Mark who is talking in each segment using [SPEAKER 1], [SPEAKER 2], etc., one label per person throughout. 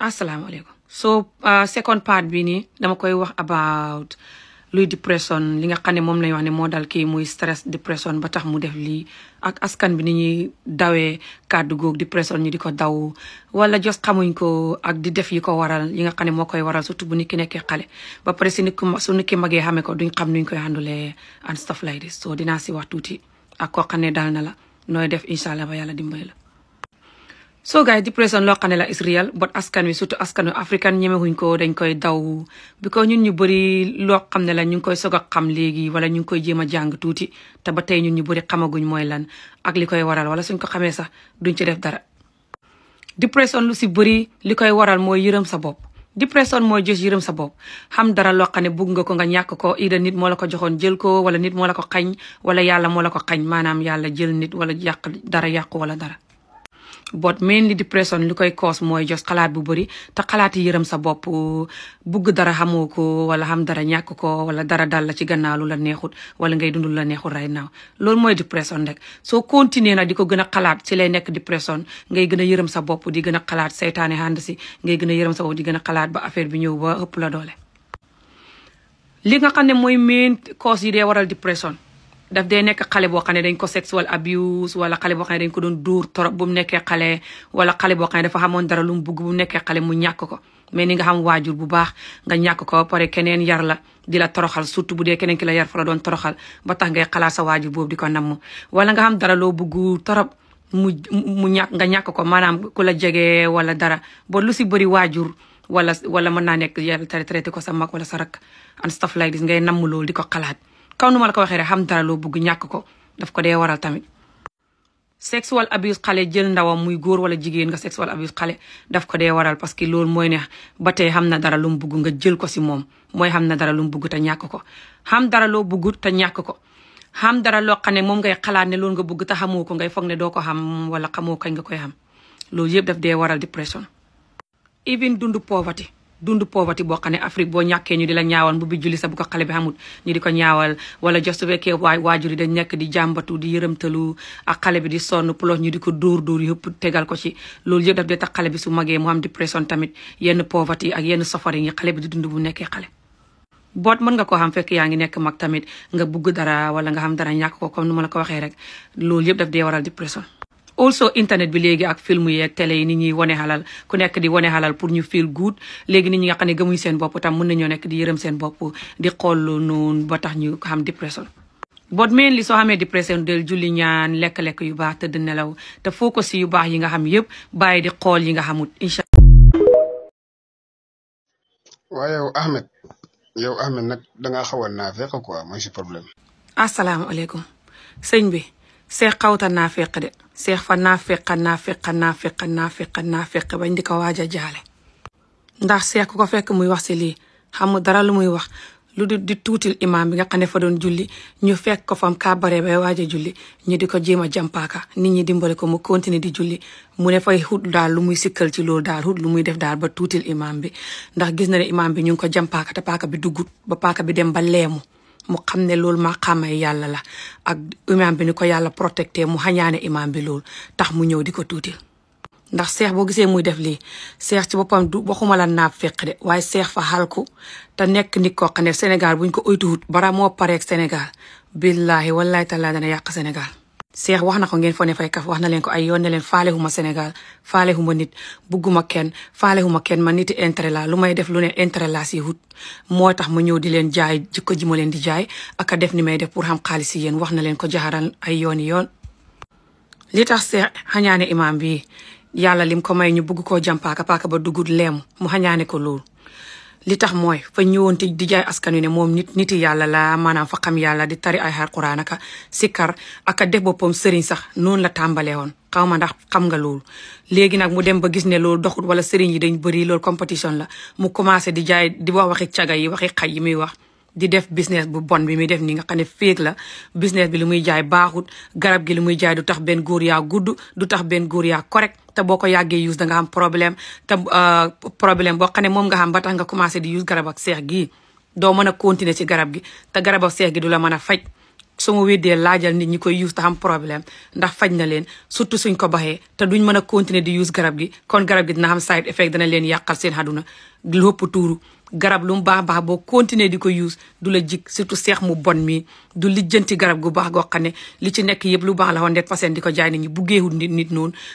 [SPEAKER 1] asalaamaaleykum so uh, second part bi nii dama koy wax about luy depression li nga xam ne moom lañ wax ne moo dal kii muy stress depression ba tax mu def lii ak askan bi ni ñuy dawee kàddu goog depression ñu di ko daw wala jos xamuñ ko ak di def yi ko waral yi nga xam ne moo koy waral surtout bu ni ki nekkee xale ba pare si nit ku su nit ki magee xamee ko duñ xam nuñ koy handle and stuff like this so dinaa si wax tuuti ak koo xam ne dal na la nooy def incha allah ba yàlla dimbali la soo gars yi dépression loo xam ne la is real askan wi surtout askan wi african ñemewuñ ko dañ koy daw because ñun ñu bëri loo xam ne la ñu ngi koy soog a xam léegi wala ñu ngi koy jéem a jàng tuuti te ba tey ñun ñu bëri xamaguñ mooy lan ak li koy waral wala suñ ko xamee sax duñ ci def dara dépression lu si bëri li koy waral mooy yërëm sa bopp dépression mooy gis yërëm sa bopp xam dara loo xam ne bëgg nga ko nga ñàkk ko ida nit moo la ko joxoon jël ko wala nit moo la ko xañ wala yàlla moo la ko xañ maanaam yàlla jël nit wala yàq dara yàqu wala dara but mainly depression li koy cause mooy jos xalaat bu bëri te xalaati yërëm sa bopp bugg dara xamoo ko wala xam dara ñàkk ko wala dara dal la ci gannaaw lu la neexut wala ngay dundul la neexut rey now loolu mooy depression rek soo continuer na di ko gën a xalaat ci lay nekk depression ngay gën a yërëm sa bopp di gën a xalaat saytaane ànd si ngay gën a yërëm sa bopp di gën a xalaat ba affaire bi ñëw ba ëpp la doole. li nga xam ne mooy main cause yi dee waral daf dee nekk xale boo xam ne dañ ko sexual abuse wala xale boo xam ne dañ ko doon dóor torop bu mu nekkee xale wala xale boo xam ne dafa xamoon dara lu mu bugg mu nekkee xale mu ñàkk ko mais ni nga xam waajur bu baax nga ñàkk ko ba pare keneen yar la di la toroxal surtout bu dee keneen ki la yar fa la doon toroxal ba tax ngay xalaat sa waajur boobu di ko namu wala nga xam dara loo bugg torop mu mu ñàkk nga ñàkk ko maanaam ku jege wala dara ba lu si bëri waajur wala wala mën naa nekk yàlla traité ko sa mag wala sa an stuff like this ngay namm di ko xalaat kaw nu ma la ko waxee xam dara loo bugg ñàkk ko daf ko dee waral tamit. sexual abuse xale jël ndawam muy góor wala jigéen nga sexual abuse xale daf ko dee waral parce que loolu mooy ne ba tey xam na dara lu mu nga jël ko si moom mooy xam na dara lu mu bugg te ñàkk ko. xam dara loo bugg te ñàkk ko xam dara loo xam ne moom ngay xalaat ne loolu nga bugg te xamoo ko ngay foog ne doo ko xam wala xamoo kañ nga koy xam loolu yëpp daf dee waral dépression. even dundu poverty. dund pauvreté boo xam ne Afrique boo ñàkkee ñu di la ñaawal bu bi julli sa bu ko xale bi xamul ñu di ko ñaawal wala jos fekkee waay waajur yi dañ nekk di jàmbatu di yërëmtalu a xale bi di sonn plos ñu di ko dóor dóor yëpp tegal ko ci loolu yëpp daf dee tax xale bi su magee mu am dépression tamit yenn pauvreté ak yenn safar yi xale bi di dund bu nekkee xale boot mën nga ko xam fekk yaa ngi nekk mag tamit nga bugg dara wala nga xam dara ñàkk ko comme nu ma la ko waxee rek loolu yëpp daf dee waral dépression also internet bi léegi ak film yeeg télé yi ni ñuy wane xalal ku nekk di wane xalal pour ñu feel good léegi nit ñi nga xam ne gëmuñ seen bopp tam mën nañoo nekk di yërëm seen bopp di xool noonu ba tax ñu xam dépression but mainly soo xamee dépression del julli ñaan lekk-lekk yu baax te tëdd nelaw te focus yu baax yi nga xam yëpp bàyyi di xool yi nga xamut incha waaye yow Ahmed yow Ahmed nag dangaa xaw a naafeq quoi mooy si problème asalaamaaleykum sëñ bi seex xawta naa feq de seex fa naa feqa naa feqa naa feqa naa feqa naa feq bañ di ko waaj a jaale ndax seex ku ko fekk muy wax si lii xamul dara lu muy wax lu di di tuutil imaam bi nga xam ne fa doon julli ñu fekk ko fam kàbbaree bay waaj a julli ñu di ko jéem a jàmpaaka nit ñi dimbale ko mu continuer di julli mu ne fay xut daal lu muy sikkal ci loolu daal xut lu muy def daal ba tuutil imaam bi ndax gis na ne imaam bi ñu ngi ko jàmpaaka te paaka bi duggut ba paaka bi dem ba leemu mu xam ne loolu maa xamay yàlla la ak imaam bi ni ko yàlla protecté mu xañaane imaam bi loolu tax mu ñëw di ko tuuti. ndax seex boo gisee muy def lii seex ci boppam du waxuma la naab fekk de waaye seex fa xalku te nekk nit koo xam ne Sénégal buñ ko uytuwut bara moo pareeg Sénégal billahi wallahi taala dana yàq Sénégal. Cheikh wax na ko ngeen fone fay kaf wax na leen ko ay yoon ne leen faale huma Sénégal faale huma nit bugguma kenn faale huma kenn ma niti intérêt lu may def lu ne intérêt la si moo tax ma ñëw di leen jaay ko ji ma leen di jaay ak a def ni may def pour xam xaalis yi yéen wax na leen ko jaxaran ay yoon li tax Cheikh xañaane imaam bi yàlla lim ko may ñu bugg koo jàmpaaka paaka ba duggut leemu mu xañaane ko loolu li tax mooy fa ñëwoon ti di jaay askan wi ne moom nit niti yàlla la maanaam fo xam yàlla di tari ay alxuraan aka sikkar aka def boppam sëriñ sax noonu la tàmbalee woon xaw ma ndax xam nga loolu léegi nag mu dem ba gis ne loolu doxut wala sëriñ yi dañ bëri loolu compétition la mu commencé di jaay di wax waxi caga yi waxi xaj yi muy wax di def business bu bon bi muy def nii nga xam ne fake la business bi lu muy jaay baaxut garab gi lu muy jaay du tax benn góor yaa gudd du tax benn góor yaa correct te boo ko yàggee use da nga am problème te euh, problème boo xam ne moom nga xam ba tax nga commencé di use garab seex gii doo mën a continuer ci garab gi te garab ak gi du la mën a faj su ma weddee laajal nit ñi koy use te am problème ndax faj na leen surtout suñ ko baxee te duñ mën a continuer di use garab gi kon garab gi dina am side effect dana leen yàqal seen àdduna lépp tuuru garab lu mu baax baax boo continuer di ko use du la jik surtout seex mu bon mi du lijjanti garab gu baax goo xam ne li ci nekk yëpp lu baax la woon rek parce que di jaay nit ñi bu géewul nit nit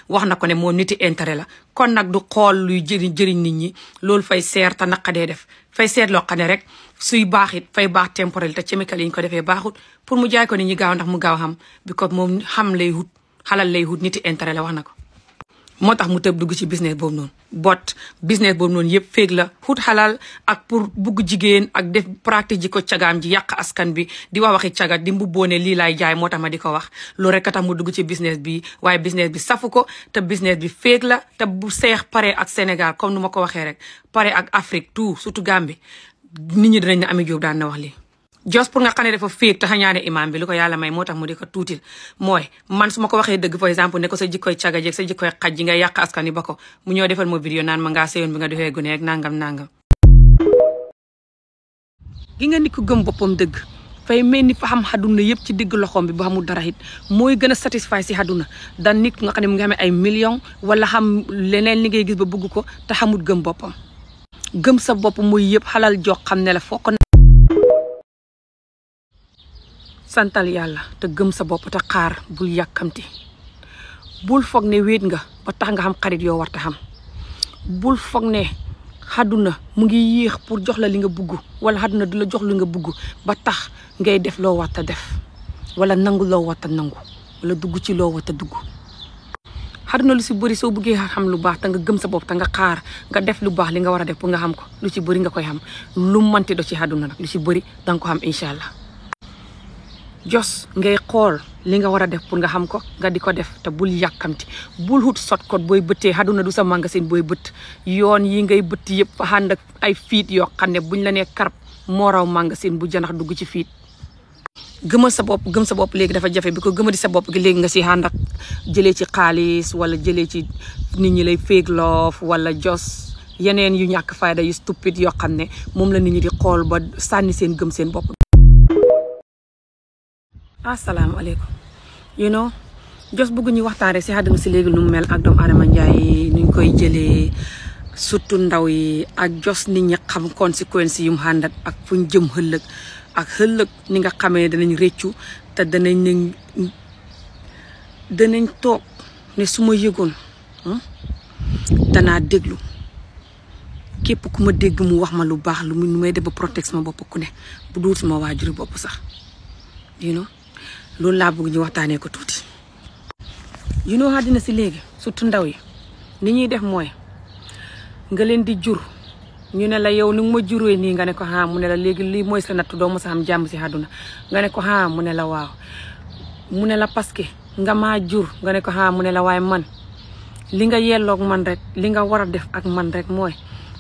[SPEAKER 1] wax na ko ne moom niti intérêt la kon nag du xool luy jëriñ jëriñ nit ñi loolu fay seer te naqadee def fay seet loo xam ne rek suy baax it fay baax temporel te chimical yi ñu ko defee baaxut pour mu jaay ko nit ñi gaaw ndax mu gaaw xam because moom xam lay wut xalal lay wut niti intérêt la wax na ko moo tax mu tëb dugg ci business boobu noonu bot business boobu noonu yëpp féeg la xut xalaal ak pour bugg jigéen ak def pratique ji ko cagaam ji yàq askan bi di wax waxi caga di mbubboo ne lii laay jaay moo tax ma di ko wax loolu rek tax mu dugg ci business bi waaye business bi safu ko te business bi féeg la te bu seex pare ak Sénégal comme nu ma ko waxee rek pare ak Afrique tout surtout Gambie nit ñi dinañ ne Amie Jobe wax li jos pour nga xam ne dafa féeg te xañaane imaam bi lu ko yàlla may moo tax mu di ko tuutil mooy man su ma ko waxee dëgg par exemple ne ko sa jikkoy caga jeeg sa jikkoy xaj ji nga yàq askan yi ba ko mu ñëw defal ma vidéo naan ma ngaa seyoon bi nga defee gune rek nangam nangam gi nga nikk gëm boppam dëgg fay mel ni fa xam xaduna yëpp ci digg loxoom bi ba xamul dara it mooy gën a satisfy si xaduna dan nit nga xam ne mu ngi amee ay million wala xam leneen li ngay gis ba bugg ko te gëm boppam gëm sa bopp muy yëpp xalal jox xam ne santal yàlla te gëm sa bopp te xaar bul yàkkamti bul foog ne wéet nga ba tax nga xam xarit yoo war ta xam bul foog ne xaduna mu ngi yéex pour jox la li nga bugg wala xaduna du la jox li nga bugg ba tax ngay def loo war ta def wala nangu loo war ta nangu wala dugg ci loo war ta dugg xaduna lu si bëri soo buggee xam lu baax te nga gëm sa bopp ta nga xaar nga def lu baax li nga war a def pour nga xam ko lu ci bëri nga koy xam lu manti do ci xaduna nag lu ci bëri danga xam incha allah jos ngay xool li nga war a def pour nga xam ko nga di ko def te bul yàkkamti bul hut sotkot booy bëttee xaduna du sa magasin booy bëtt yoon yi ngay bëtt yëpp fa ànd ak ay fiit yoo xam ne buñ la nee karab moo raw bu janax dugg ci fiit gëmal sa bopp gëm sa bopp léegi dafa jafe bi ko gëma di sa bopp gi léegi nga si ànd ak jëlee ci xaalis wala jëlee ci nit ñi lay fake love wala jos yeneen yu ñàkk fayda yu stupide yoo xam ne moom la nit ñi di xool ba sànni seen gëm seen bopp asalaamaaleykum you know jos bëgg ñu waxtaare si àdduna si léegi nu mu mel ak doomu aadama njaay yi nuñ koy jëlee surtout ndaw yi ak jos ni ñi xam conséquences yu mu àndat ak fuñ jëm xëllëg ak xëllëg ni nga xamee danañ réccu te danañ nañ danañ toog ne su ma yëgoon hmm, danaa déglu képp ku ma dégg mu wax ma lu baax lu muy nu may def ba ma bopp ku ne bu duut sama waajuri bopp sax loolu laa bëgg ñu waxtaanee ko tuuti. yu noo àddina si léegi surtout ndaw yi ni ñuy def mooy nga leen di jur ñu ne la yow ni ma jur juree nii nga ne ko ah mu ne la léegi lii mooy sa nattu doo mos a am si àdduna nga ne ko ah mu ne la waaw mu ne la parce que nga maa jur nga ne ko ah mu ne la waaye man li nga yelloog man rek li nga war a def ak man rek mooy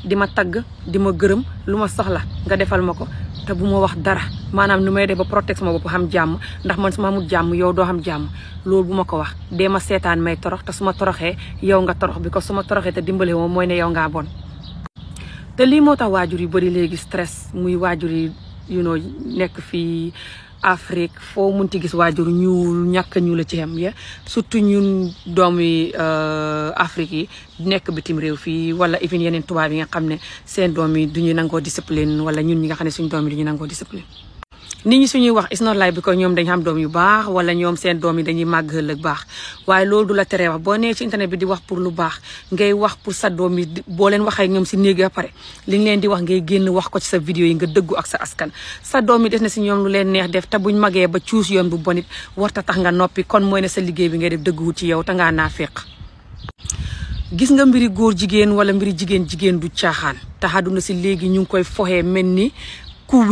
[SPEAKER 1] di ma tagg di ma gërëm lu ma soxla nga defal ma ko te bu ma wax dara maanaam nu may def ba protex ma bopp xam jàmm ndax man suma ma jàmm yow doo xam jàmm loolu bu ma ko wax dee ma seetaan may torox te suma ma toroxee yow nga torox bi ko su ma toroxee te dimbale moom mooy ne yow ngaa bon te lii moo tax waajur yu bëri léegi stress muy waajur yi yu know nekk fii Afrique foo munti gis waajur ñuul ñàkk ñu la ci xem ya surtout ñun doomi euh, Afrique yi nekk bitim réew fii wala even yeneen tubaab yi nga xam ne seen doom yi du ñu nangoo discipline wala ñun ñi nga xam ne suñ doom yi du ñu nangoo discipline nit ñi ñuy wax it's not like because ñoom dañ xam doom yu baax wala ñoom seen doom yi dañuy màgg ëllëg baax waaye loolu du la tere wax boo nee ci internet bi di wax pour lu baax ngay wax pour sa doom yi boo leen waxee ñoom si néeg a pare li leen di wax ngay génn wax ko ci sa vidéo yi nga dëggu ak sa askan sa doom yi des na si ñoom lu leen neex def te buñ magee ba cuus yoon bu bonit warta tax nga noppi kon mooy ne sa liggéey bi ngay def dëgguwu ci yow te ngaa gis nga mbiri góor jigéen wala mbiri jigéen jigéen du caaxaan taxaduna si léegi ñu ngi koy foxee mel ni ku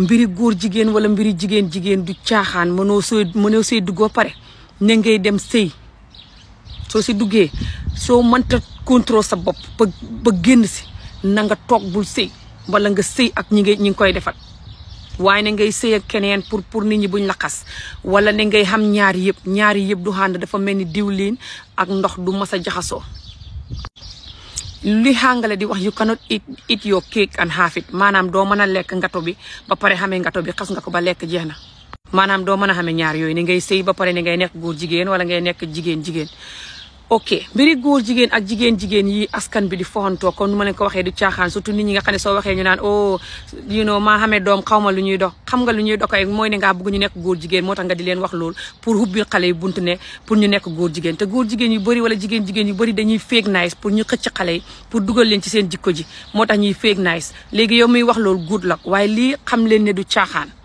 [SPEAKER 1] mbiri góor jigéen wala mbiri jigéen jigéen du caaxaan mënoo soo mënoo see duggoo pare ne ngay dem sëy soo si duggee soo mënta contrôle sa bopp génn si na nga toog bul sëy wala nga sëy ak ñi ngay ñi ngi koy defal waaye ne ngay sëy ak keneen pour pour nit ñi buñ la xas wala ne ngay xam ñaari yëpp ñaari yëpp du ànd dafa mel ni diwlin ak ndox du mas a jaxasoo li xàngale di wax you cannot eat eat your cake and half maanaam doo mën a lekk ngato bi ba pare xamee ngato bi xas nga ko ba lekk jeex na maanaam doo mën a xamee ñaar yooyu ni ngay sëyi ba pare ni ngay nekk góor jigéen wala ngay nekk jigéen jigéen ok mbiri góor jigéen ak jigéen jigéen yi askan bi di foxantoo comme nu ma leen ko waxee du caaxaan surtout ni ñi nga xam ne soo waxee ñu naan o oh, you know maa xamee doom xaw ma lu ñuy dox xam nga lu ñuy dox ay mooy ne ngaa bëgg ñu nekk góor jigéen moo tax nga di leen wax lool pour hubbil xale yi bunt ne pour ñu nekk góor jigéen te góor jigéen yu bëri wala jigéen jigéen yu bëri dañuy fake nice pour ñu xëcc xale yi pour dugal leen ci seen jikko ji moo tax ñu fake nice léegi yow muy wax loolu good luck waaye lii xam leen ne du caaxaan